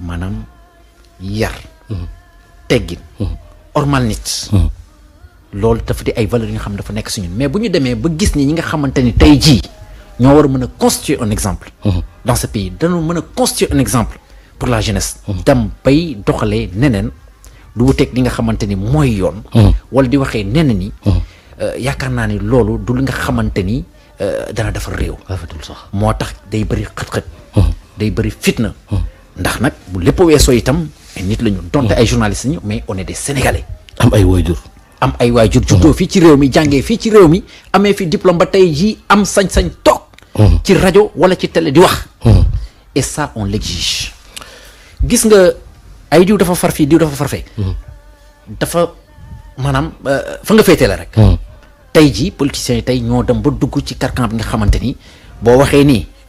maanaam yar. Mhm. teggin. Mhm. ormal nit. Mhm. loolu dafa di ay valeurs yi nga xam dafa nekk si ñun mais bu ñu demee ba gis nii ñi nga xamante ni tey jii ñoo war a mën a constituer un exemple. dans ce pays dañoo mën a constituer un exemple pour la jeunesse. dem bay doxalee neneen lu wuteeg li nga xamante ni mooy yoon. wala di waxee neneen ni. Euh, yaakaar naa ni loolu du li nga xamante ni euh, dana defar réew. rafetul sax moo tax day bëri xët-xët. day bëri fitna. ndax nag bu lépp weesoo itam nit lañu ñu donte ay journalistes ñu mais on est des sénégalais. am ay waajur. am ay waajur juddoo fii ci réew mi jàngee fii ci réew mi amee fi diplôme ba tey jii am sañ-sañ toog. ci rajo wala ci télé di wax. et ça on l'exige gis nga ay diw dafa far fii diw dafa far fee. dafa maanaam euh, fa nga féetee la rek. tey jii politiciens yi tey ñoo dem ba dugg ci carcan bi nga xamante ni boo waxee nii.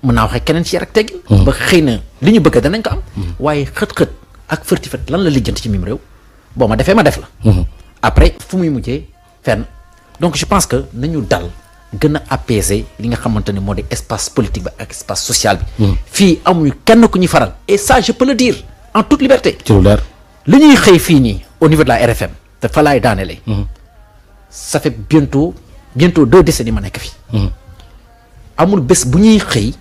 mën naa waxee keneen ci yar ak teggin ba xëy na li ñu bëgg danañ ko am waaye xët-xët ak fërtifët lan la lijjanti ci mim réew boo ma defee ma def la mhm. après fu muy mujjee fenn donc je pense que nañu dal gën a apaiser li nga xamante ne moo di espace politique bi ak espace social bi mhm. fii amuñu kenn ku ñu faral et ça je peux le dire en toute liberté ci li ñuy xëy fii nii au niveau de la RFM te fa laay daanele mhm. ça fait bientôt bientôt deux décennies ma nekk fi amul bés bu ñuy xëy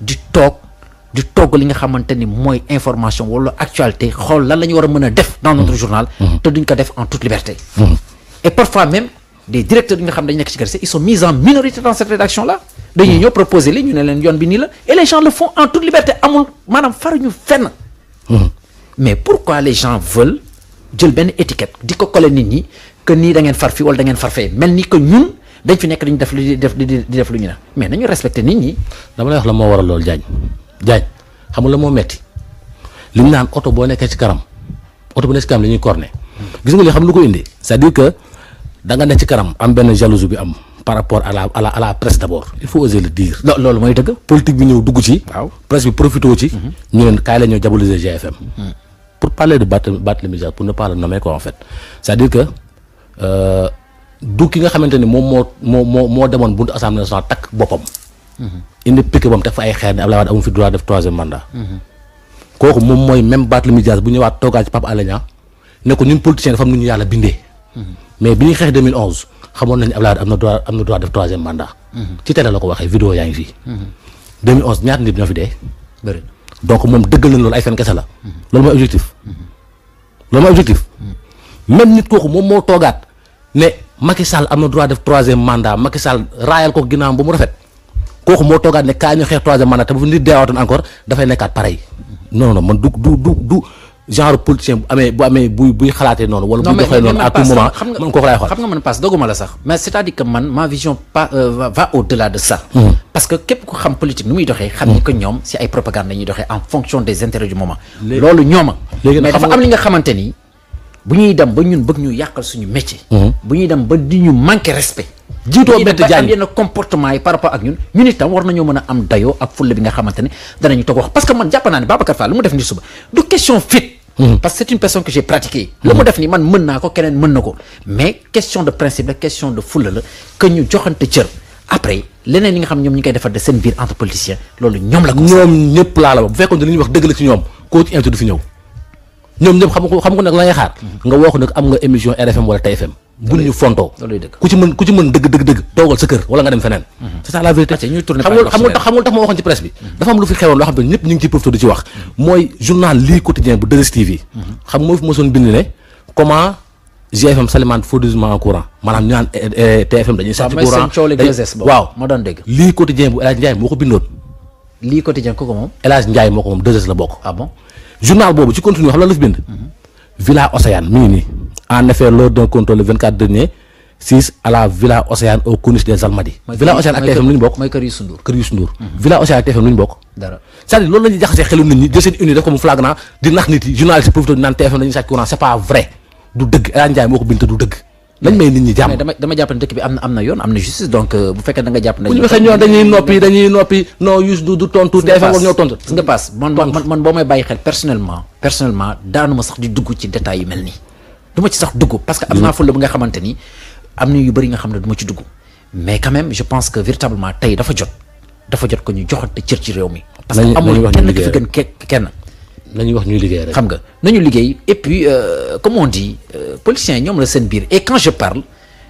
du tog du tog li nga xamanteni moy information wala actualité xol lan la wara mëna def dans notre mm-hmm. journal mm-hmm. te duñ ko def en toute liberté mm-hmm. et parfois même des directeurs de nga xam dañ nek ci ils sont mis en minorité dans cette rédaction là dañ ñu proposer li ñu ne leen bi ni la et les gens le font en toute liberté amul maanaam faruñu fenn mais pourquoi les gens veulent jël ben étiquette diko collé nit ñi que ni da ngeen far fi wala da ngeen far mel ni que ñun dañ fi nekk dañu def lu def di def lu ñu na mais nañu respecté nit ñi. dama lay wax la moo waral loolu Diagne Diagne xam nga la moo metti li ñu naan oto boo nekkee ci kanam oto bu nekk ci kanam la ñuy corné gis nga li xam lu ko indi c'est-à-dire que da nga nekk ci kanam am benn jalousie bi am par rapport à la à la la presse d'abord il faut oser le dire. loolu mooy dëgg. politique bi ñëw dugg ci. waaw presse bi profité ci. Mhm. ñu leen kaay la ñoo diaboliser GFM. Hmm. pour parler de Barthélémy Dias pour ne pas le nommer quoi en fait c'est-à-dire que. Euh, du ki nga xamante ni moom moo moo moo moo demoon buntu assemblée nationale takk boppam. Mhm. indi pique bam teg fa ay xeer ne Abdoulaye Wade amu fi droit def troisième mandat. Mhm. kooku moom mhm. bi ñuy xeex 2011 xamoon nañu Abdoulaye Wade am na droit am na droit def troisième mandat. ci télé la ko waxee vidéo yaa ngi fii. moo toogaat ne. Macky Sall am na droit def 3e mandat Macky Sall raayal ko ginnaawam bu mu rafet kooku mo toogaat ne kaa ñu 3e mandat te bu nit deewaatoon encore dafay nekkaat pareil non non man du du du du genre politicien bu amé bu amee buy buy xalaatee noonu. wala bu doxé non à tout moment man kooku lay xol xam nga man passe doguma la sax. mais c'est-à-dire que man ma vision pas euh, va au-delà de ça. Hmm. parce que kep ko xam politique numuy doxé xam ni que ñom si ay propagande la ñuy doxé en fonction des intérêts du moment. loolu ñoma légui dafa am li nga xamanteni buñuy dem ba ñun bëgg ñu yàqal suñu métier. Mhm. buñuy dem ba di ñu manqué respect. jiitoo bett jaay am yenn comportement yi par rapport ak ñun ñun itam war nañoo mën a am dayoo ak fulle bi nga xamante ne danañu togg wax parce que man jàpp naa ne Babacar Fall lu mu def ni suba du question fit mhm. parce que c'est une personne que j'ai pratiqué. Mhm. lu mu def ni man mën naa ko keneen mën na ko mais question de principe la question de fulle la que ñu joxante cër après leneen li nga xam ñoom ñi koy defar de seen biir entre politiciens loolu ñoom la ko ñoom ñëpp laa la bu fekkoon ne li ñuy wax dëgg la ci ñoom koo ci du fi ñëw ñoom ñëpp xam ko xam ko nag la ngay xaar mhm. nga woo ko nag am nga émission RFM wala TFM buñ ñu fontoo ku ci mën dëgg dëgg dëgg sa kër wala nga dem feneen mhm. c'est ça la xamul ah, xamul tax ma mhm. wax mooy xam nga eh, eh, waaw lii quotidien bu El Hadj moo ko bindoon lii quotidien kooku moom El Hadj moo ko moom 2S la bokk ah journal bobu ci continue xam la la bind Villa Océane mi ngi en effet lors d'un contrôle le 24 dernier 6 à la Villa Océane au Corniche des almadi mhm. Villa Océane ak TFM lu bok may kër yu sundour kër yu sundour Villa Océane ak TFM lu bok dara c'est-à-dire loolu lañu ñuy jaxasee nit ñi de cette unité def flagrant di nax nit journaliste profité nan naan lañu dañuy courant c'est pas vrai du deug El Hadj Ndiaye moo du deug lañ may nit ñi jamm dama dama jàpp dëkk bi amna amna yoon amna justice donc euh, bu fekkee da nga japp na ñu waxee ñoo dañuy noppi dañuy nopi no yus du du tontu tey fa war ñoo tontu gis nga paas man man man boo may bàyyi xel personnellement personnellement daanuma sax di dugg ci détail yu mel nii du ci sax dugg parce que amna fulu bu nga xamante ni am na yu bëri nga xam ne du ci dugg mais quand même je pense que véritablement tey dafa jot dafa jot ko ñu joxante cër ci réew mi parce que amul kenn ki fi gën kenn nañu wax ñu liggéey rek. xam nga nañu liggéey et puis euh, comme on dit euh, politiciens ñom la seen biir et quand je parle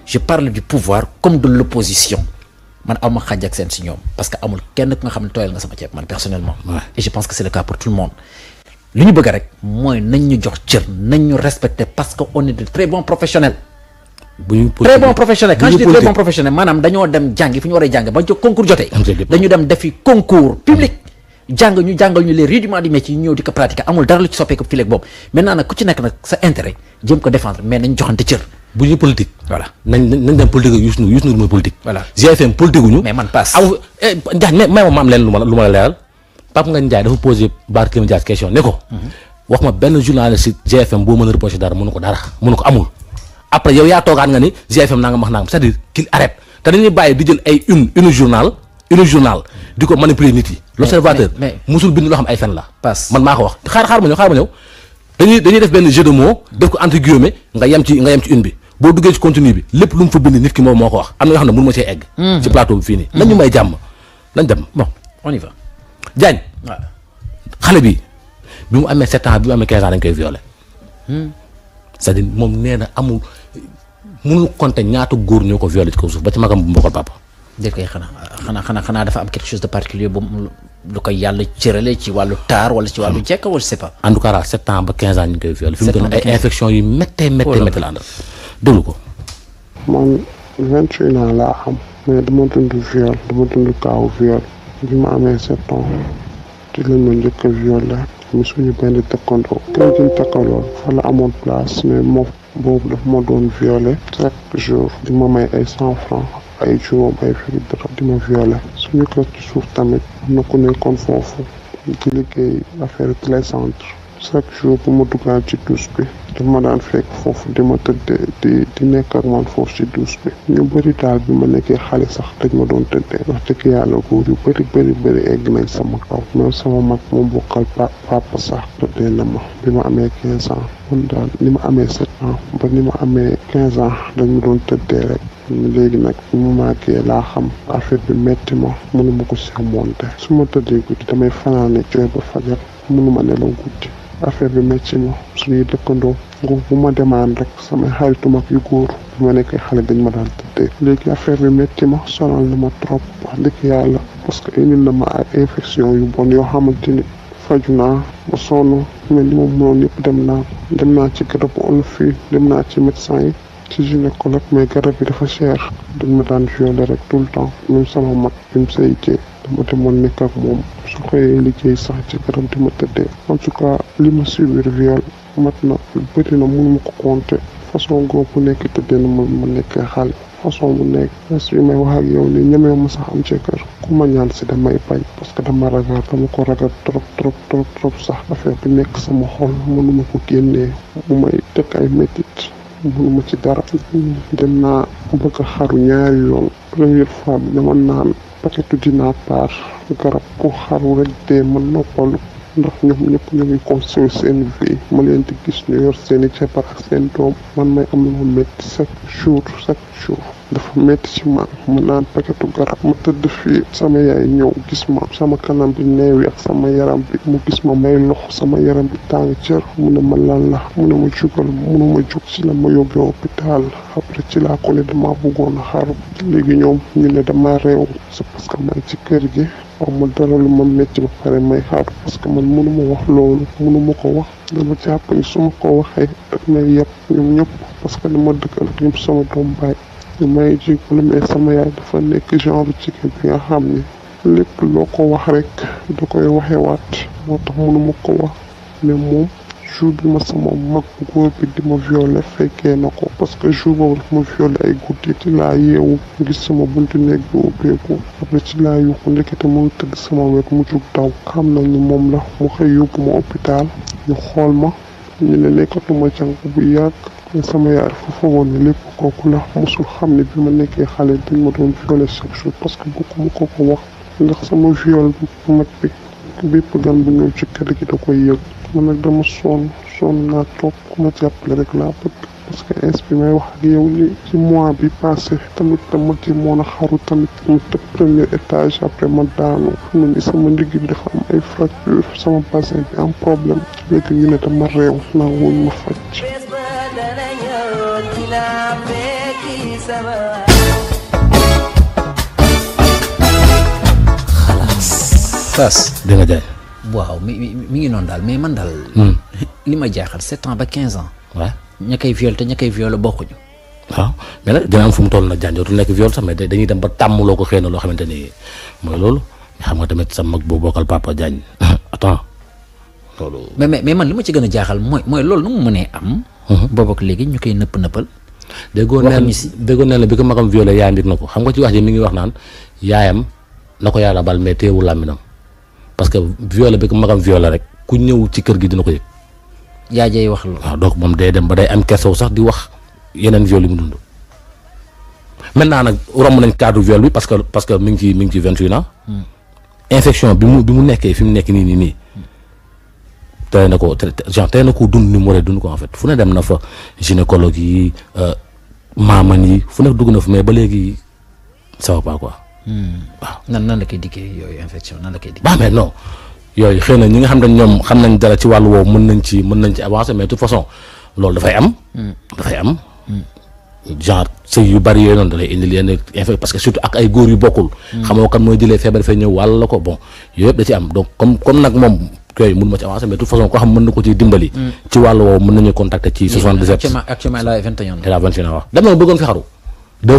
je parle du pouvoir comme de l'opposition man awma xaj ak seen si ñom parce que amul kenn ko nga xamni ne nga sama ci man personnellement. et je pense que c'est le cas pour tout le monde. li ñu bëgg rek mooy nañ ñu jox cër nañ ñu respecter parce que on est de très bons professionnels. très bons professionnels quand je dis très bons professionnels maanaam dañoo dem jàngi fu ñu war a jàngi ba ñu concours jotee. dañu dem defi concours public. jàng ñu jànga ñu les rudiments du métier ñu ñëw di ko pratiquer amul dara lu ci soppeeku fileeg boobu maintenant nag ku ci nekk nag sa intérêt jëm ko défendre mais nañ joxante cër. bu ñu politique. voilà nañ nañ dem politique Youssou Ndour Youssou Ndour mooy politique. voilà GFM politique ñu. mais man paas aw eh, mais may ma am leen lu ma la lu ma la leeral Pape Ngagne Ndiaye dafa posé Barthélémy Dias question ne ko. Mhm. wax ma benn journaliste GFM boo mën a reproché dara mënu ko dara mënu ko amul. après yow yaa toogaat nga ni GFM nangam wax nangam c'est-à-dire di jël ay une une di ko manipuler nit yi. l'observateur musul bind loo xam ay fen la. pass man maa ko wax xaar xaar ma ñëw xaar ma ñëw dañuy dañuy def benn jeu de mots def ko entre guillemets nga yem ci nga yem ci une bi boo duggee ci contenu bi lépp lu mu fa bind nit ki moom moo ko wax am na mhm. mhm. ñu may jàmm nañ dem bon. xale bi bi mu amee 7 ans bi mu amee 15 ans dañ koy violé. Hmm. cest à moom nee na amul mënul compter ñaata góor ñoo ko violé ko kaw suuf ba ci magam bu mbokkal papa. dëgg koy xanaa xanaa xanaa xanaa dafa am quelque chose de particulier bu lu koy yàlla cërale ci wàllu taar wala ci wàllu jekk wala je sais pas. en tout cas daal sept ans ba quinze ans ñu ngi koy viol. infection yu méttee méttee oh méttee la àndal. déglu ko. man vingt et un ans laa xam. mais dama dund viol dama dund kaaw viol. bi ma amee sept ans. ci lañ ma njëkk a violé. mu suñu benn takkandoo. kër gi ñu takkandoo fa la amoon place mais moom boobu daf ma doon violé. chaque jour di ma ay coow ay fekk dara di ma violé suñu classe suuf tamit am na ku nekkoon foofu di liggéey affaire télécentre chaque jour bu ma duggaat ci douche bi daf ma daan fekk foofu di ma tëddee di di nekk ak man foofu ci douche bi ñu bëri daal bi ma nekkee xaalis sax dañ ma doon tëddee wax dëgg yàlla góor yu bëri bëri bëri egg nañ sama kaw même sama mag mu bokkal papa sax tëddee na ma bi ma amee quinze ans man daal ni ma amee sept ba ni ma amee quinze ans dañ ma doon tëddee rek léegi nag fu mu manqué laa xam affaire bi métti ma mënu ma ko surmonter su ma tëddee guddi damay fanaane jooy ba fajar mënu ma nelaw guddi affaire bi métti ma suñuy dëkkandoo nguur bu ma demaan rek samay xaritu mag yu góor bu ma nekkee xale dañ ma daan tëddee léegi affaire bi métti ma sonal na ma trop wax dëgg yàlla parce que indil na ma ay infection yu bon yoo xamante ni faju naa ba sonn mais li ma mënoon yëpp dem naa dem naa ci garabu olof yi dem naa ci médecin yi ci gynécologue mais garab yi dafa cher dañ ma daan violé rek tout le temps sama mag bi mu say jee dama demoon nekk moom su xëyee liggéey sax ci garab di ma tëddee en tout cas li ma subir viol mat na bëri na mënu ma ko compter façon goobu nekk tëddee na man ma nekk xale façon bu nekk si bi may wax yow nii ñemee ma sax am ci kër ku ma ñaan si damay bañ parce que dama ragal dama ko ragal trop trop trop trop sax affaire bi nekk sama xol ma ko génnee mu may teg ay métit mënuma ci dara dem naa bëgg a xaru ñaari yoon première fois bi dama naan paquetu dinaa garab ku xaru rek dee ma noppalu ndax ñoom ñëpp ñu ngi construire seen vie ma leen di gis ñu yor seen i jabar ak seen doom man may am loo métti chaque jour chaque jour dafa métti ci man ma naan paquetu garab ma tëdd fi sama yaay ñëw gis ma sama kanam bi neewi ak sama yaram bi mu gis ma may lox sama yaram bi tàng cër mu ne ma lan la mu ne ma jugal mu ne ma jug ci la ma yóbbee hôpital après ci laa ko ne dama bëggoon a xaru léegi ñoom ñu ne dama réew c'est parce que ci kër gi xaw ma dara lu man métti ba pare may xaar parce que man mënuma wax loolu ma ko wax dama jàpp ni su ma ko waxee ak may yëpp ñoom ñëpp parce que li ma dëkkal ak ñoom sama doom baay ñu may jégalu mais sama yaay dafa nekk genre jigéen bi nga xam ni lépp loo ko wax rek da koy waxewaat moo tax mënuma ko wax mais moom jour ma sama mag góor bi di ma violé fekkee na ko parce que jour boobu daf ma violé ay guddi ci laa yeewu gis sama buntu néeg bi ubbeeku après ci laa yuuxu ndekete mu tëgg sama wet mu jug daw xam na ni moom la mu xëy yóbbu ma hôpital ñu xool ma ñu ne nekkatuma jànq bu yàgg sama yaay dafa foogoon ne lépp kooku la mosul xam ne bi ma nekkee xale dañ ma doon violé chaque parce que bokkuma ko ko wax ndax sama viol mag bi bépp gan bu yëg man nag dama sonn sonn naa toog ku ma jàppale rek laa bëgg parce que ins bi may wax ak yow li ci mois bi passé tamit dama demoon a mu tëb premier étage après ma daanu xam ne ni sama ndigg bi dafa am ay sama bassin bi am problème léegi ñu ne dama réew naa woon ma faj xalaas. tas waaw mi mi ngi noonu daal mais man daal. Hmm. li ma jaaxal sept ans ba quinze ans. waaw ña koy viol te ña koy viol bokkuñu. waaw mais nag dina am fu mu toll nag jànjootu nekk viol sax mais dañuy dem ba tàmm loo ko xëy na loo xamante ni mooy loolu xam nga tamit sa mag boo bokkal papa Diagne attends loolu. mais mais man li ma ci gën a jaaxal mooy mooy loolu nu mu mënee am. Mhm. boobu ak léegi ñu koy nëpp nëppal. déggoo neen déggoo neen la bi ko magam violé yaayam yëg na ko xam nga ci wax ji mi ngi wax naan yaayam na ko yàlla bal mais teewul làmminam parce que violé bi ko magam violé rek ku ñëw ci kër gi dina ko yëg. jaajëy wax loolu. waaw donc moom day dem ba day am kersaw sax di wax yeneen viol yi mu dund. naa nag romb nañ cadre viol bi parce que parce que mi ngi ci mi ngi ci vingt huit ans. Hmm. infection bi mu bi mu nekkee fi mu nekk nii nii nii. Hmm. tey na ko genre tey na ko dund ni mu waree dund ko en fait fu ne dem na fa gynécologue yi euh, maaman yi fu ne dugg na fa mais ba léegi ça va Hmm. waaw nan nan la koy dikkee yooyu infection nan la koy dikkee. mais non yooyu xëy na ñi nga xam ne ñoom xam nañ dara ci wàllu woowu mën nañ ci mën nañ ci avancer mais de façon loolu dafay am. Hmm. dafay am. Hmm. genre sëy yu bari yooyu noonu da lay indil yenn infection parce que surtout ak ay góor yu bokkul. xamoo kan mooy jëlee feebar fee ñëw wàll ko yooyu yëpp da ci am comme nag moom yooyu mun ci avancer mais de façon koo xam mën na ko ci dimbali. ci wàllu woowu mën nañu contacter ci. 77 actuellement bëggoon fi xaru deux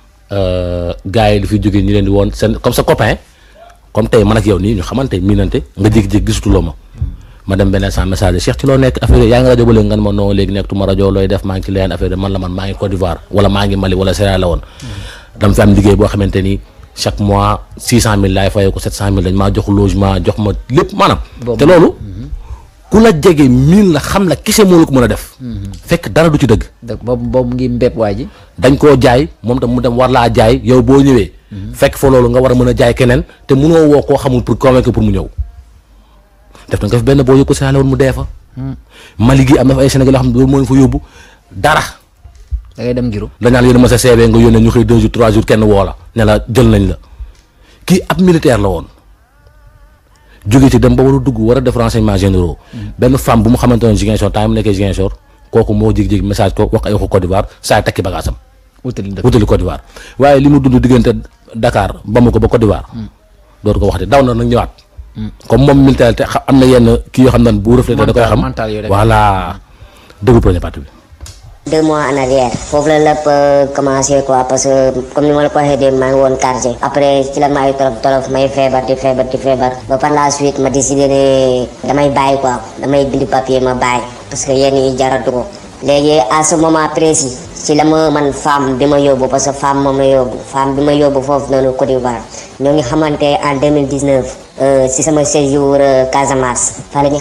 Euh, gars yi dafay jógee ñu leen di woon seen comme sa copain comme tey man ak yow nii ñu xamante miinante nga jékki-jékki gisatuloo ma ma dem beneen sans message Cheikh ci loo nekk affaire yaa ngi rajo ba léegi nga ne ma non léegi nekkatuma rajo looy def maa ngi ci leneen affaire man la man maa ngi Côte d'Ivoire wala maa ngi Mali wala Sierra Leone dama fi am liggéey boo xamante ni chaque mois 600000 laay fayee ko 700000 dañ maa jox logement jox ma lépp ku la jege miin la xam la kese moo la ko mën a def. Mhm. fekk dara du ci dëgg. dëgg boobu boobu mu ngi mbéb waa ji. dañ koo jaay moom tam mu dem war laa jaay yow boo ñëwee. Mhm. fekk fa loolu nga war a mën a jaay keneen te mënoo woo koo xamul pour convaincre pour mu ñëw. def na nga fi benn boo yokku Sénégal woon mu dee fa. Hmm. Mali gi am na fa ay Sénégal yoo xam ne loolu moo leen fa dara. da ngay dem ngiru. dañaan yónnee ma sa CV nga yónnee ñu xëy 2 jours 3 jours kenn woo la ne la jël nañ la kii ab militaire la woon. jóge ci dem ba war a dugg war a def renseignement généraux benn femme bu mu xamante ne Ziguinchor temps yi mu nekkee Ziguinchor kooku moo jékki-jékki message ko wax ay waxu Côte d'Ivoire saa takki bagaasam wutali Côte d'Ivoire waaye li mu dund diggante Dakar ba ko ba Côte d'Ivoire hmm. dootu ko waxte daw na nag ñëwaat hmm. comme moom militaire te am na yenn kii yoo xam ne bu reflété da koy xam voilà déglu premier parti bi deux mois en arrière foofu la lépp commencé quoi parce que comme ni ma la ko waxee dee maa ngi woon après ci la maayu tolof tolof may feebar di feebar di feebar ba par la suite ma décidé ne damay bàyyi quoi damay bind papier ma bàyyi parce que yenn yi jaratu ko léegi à ce moment ci la ma man femme bi ma yóbbu parce que femme moom ma yóbbu femme bi ma yóbbu foofu noonu Côte d'Ivoire ñoo ngi xamante en 2019 si euh, sama séjour euh, Casamance fa la ñu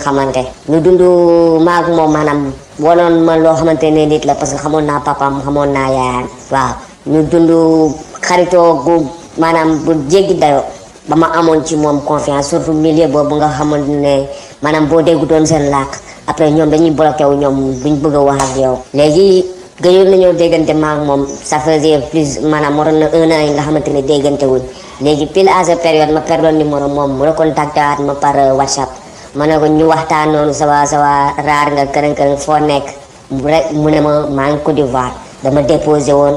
wanoon ma loo xamante ne nit la parce que xamoon naa papaam xamoon naa yaayam waaw ñu dund xaritoo gu maanaam bu jéggi dayo ba ma amoon ci moom confiance surtout milieu boobu nga xamante ne maanaam boo déggu doon seen làkk après ñoom dañuy bloqué wu ñoom duñ bëgg wax ak yow léegi gëjoon nañoo déggante ma ak moom ça faisait plus maanaam waroon na un yi nga xamante ne déggante wuñ léegi pile à cette période ma perdoon numéro moom mu recontacté waat ma par whatsapp ma ne ko ñu waxtaan noonu sawa sawa raar nga kërën kërën foo nekk rek mu ne ma maa ngi Côte d'Ivoire dama déposé woon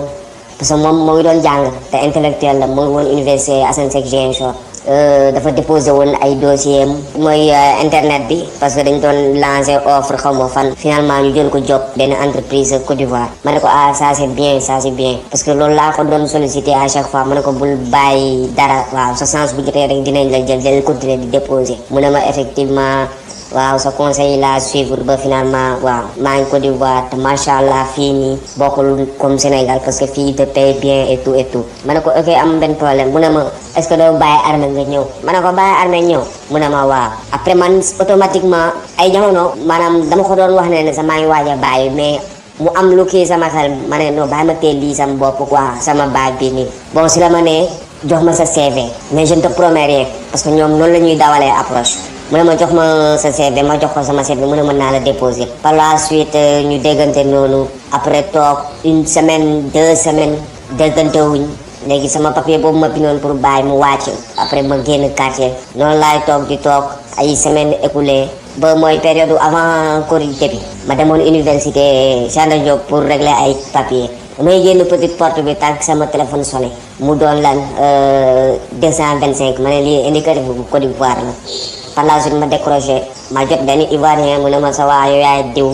parce que moom moo ngi doon jàng te intellectuel la moo ngi woon université Assane Seck soon Euh, dafa déposé woon ay dossier mooy euh, internet bi parce que dañ doon lancé offre xaw ma fan finalement ñu jël ko job benn entreprise Côte d'Ivoire ma ne ko ah ça c'est bien ça c'est bien parce que loolu laa ko doon sollicité à chaque fois ma ne ko bul bàyyi dara waaw sa chance bu jotee rek dinañ la jël jël continuer di déposé mu ne ma effectivement waaw sa conseil la suivre ba finalement waaw maa ngi Côte d'Ivoire te allah fii nii bokkul comme Sénégal parce que fii te paye bien et tout et tout ma ne ko ok am benn problème mu ne ma est-ce que doo bàyyi armée nga ñëw ma ne ko bàyyi armée ñëw mu ne ma waaw après man automatiquement ay jamono maanaam dama ko doon wax ne ne sa maa ngi waaj a bàyyi mais mu am lu kii sama xel ma ne non bàyyi ma teel lii sama bopp quoi sama baat bi nii bon si la ma ne jox ma sa CV mais je ne parce que ñoom noonu la ñuy dawalee approche mu ne ma jox ma sa CV ma jox ko sama CV mu ne mën naa la déposer par la suite euh, ñu déggante noonu après toog une semaine deux semaines déggante wuñ léegi sama papier boobu ma bindoon pour bàyyi mu wàcc après ma génn quartier noonu laay toog di toog ay semaines écoulées ba mooy période avant Korité bi ma demoon université Cheikh Anta Diop pour régler ay papier may génn petite porte bi tànk sama téléphone sonné mu doon lan 225 euh, ma ne lii indicatif bu Côte d'Ivoire la te lazim ma décroché ma jot benn ivoirien mu ne ma sa waa yow yaay diw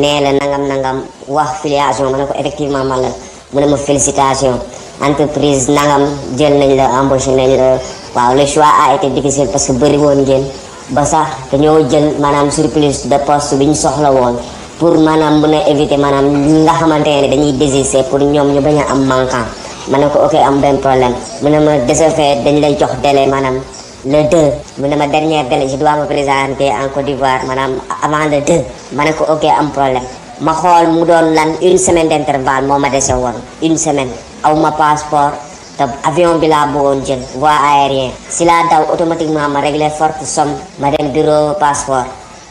nee nangam nangam wax filiation ma ne ko effectivement man la mu ne ma félicitation entreprise nangam jël nañ la embauché nañ la waaw le choix a été difficile parce que bëri woon ngeen ba sax jël surplus de poste bi Pur soxla woon pour manam, mën a éviter maanaam ñi nga xamante ne dañuy désister pour ñoom ñu bañ am manquant ma ko ok am ben problème mu ne ma de dañ lay jox délai le 2 mu ne ma dernière délai je dois me présenter en Côte d'Ivoire maanaam avant le 2 ma ko ok am problème ma xool mu doon lan une semaine d' intervalle moo ma dese une semaine aw ma passeport ta avion bi laa bëggoon jël voie aérien si laa daw automatiquement ma régler forte somme ma dem bureau passeport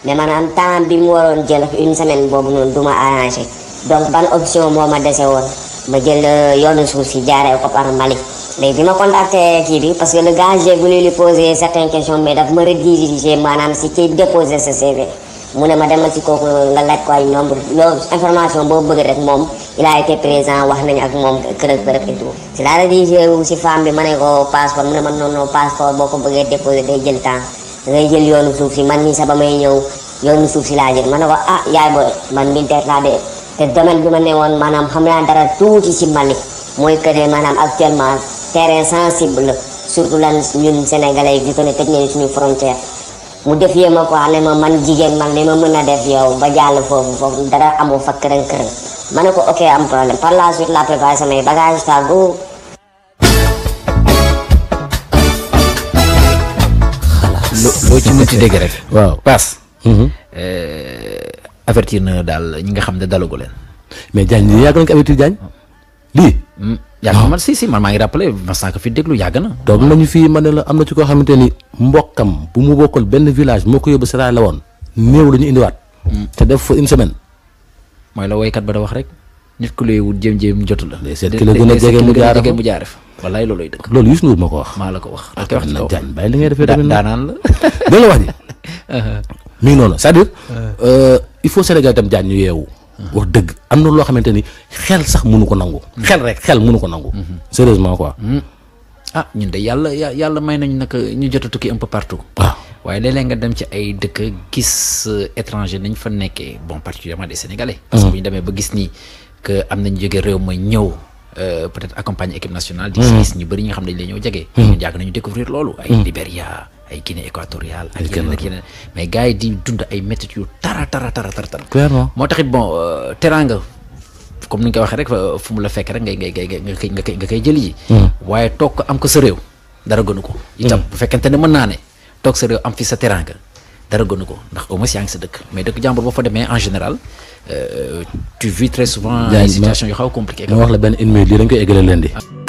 mais manam tan bi mu waroon jël une semaine bobu non du arranger donc ban option moo ma dese woon ma jël yone souci si ko par Mali léegi bi ma contacté kii bi parce que le gars j'ai voulu lui poser certaines questions mais daf ma rediriger maanaam si kii sa CV mu ne ma demal ci kooku nga laaj ko ay nombre loolu boo bëgg rek moom il a été présent wax nañu ak moom kërëb kërëb et tout si bi ma ne ko passeport mu ne ma non non passeport boo ko bëggee déposé day jël temps dangay jël yoonu suuf si man nii sa ba may ñëw yoonu suuf si laa jël ma ne ko ah yaay booy man militaire laa dee te domaine bi ma ne woon maanaam xam naa dara tuuti si Mali mooy que ne maanaam actuellement terre sensible surtout lan ñun sénégalais yi ko ne tej nañu suñu frontière mu def yema ko ne ma man jigen man li mëna def yow ba jall fofu fofu dara amu fa kërën kërën ma ne ko ok am problème par la suite la préparé samay bagage go lo ci mu ci dégg rek waaw pass euh avertir na dal ñi nga xam ne dalagu leen mais jagn ni yàgg nga avertir jagn li yàgg ah. man maa ngi rappelé mas naa ko fi déglu yàgg na. toog nañu fii ma ne la am na ci koo xamante ni mbokkam bu mu bokkal benn village moo ko yóbbu la woon néew la ñu indiwaat. Hmm. te def fa une semaine. la woykat ba da wax rek. nit ku lay wut jéem jéem jotu la. day seet ki la gën jaar mu jaar fa wallaay loolooy ma la ko wax. ak wax na Diagne bàyyi mi ngi noonu uh-huh. euh, il faut Sénégal itam Diagne ñu yeewu wax dëgg am na loo xamante ni xel sax munu ko nangu. Mm. xel rek xel munu ko nangu. Mm-hmm. sérieusement quoi. Mm-hmm. ah ñun de yàlla yàlla may nañ nag ñu jot a tukki un peu partout. Ah. waaye léeg nga dem ci ay dëkk gis euh, étranger nañ fa nekkee bon particulièrement des sénégalais. parce que mm-hmm. bu ñu demee ba gis nii que am nañu jege réew ma ñëw. Euh, peut-être accompagner équipe nationale. di gis ñu bëri ñi xam ne dañ lay ñëw jege. ñu jàgg nañu découvrir loolu. ay Libéria. ay Guinée équatorial ay yeneen ak yeneen mais gars yi di dund ay métit yu tara tara tara tara tara clairement moo taxit bon euh, teraanga comme ni nga ko waxee rek fu mu la fekk rek ngay ngay ngay nga koy nga koy nga koy jëli ji hmm. waaye toog am ko sa réew dara gënu ko hmm. itam bu fekkente ne mën naa ne toog sa réew am fi sa teraanga dara gënu ko ndax au moins yaa ngi sa dëkk mais dëkk jàmbur boo fa demee en général euh, tu vis très souvent situation yu xaw compliqué ma wax la benn une minute lii dañ koy éggale leen di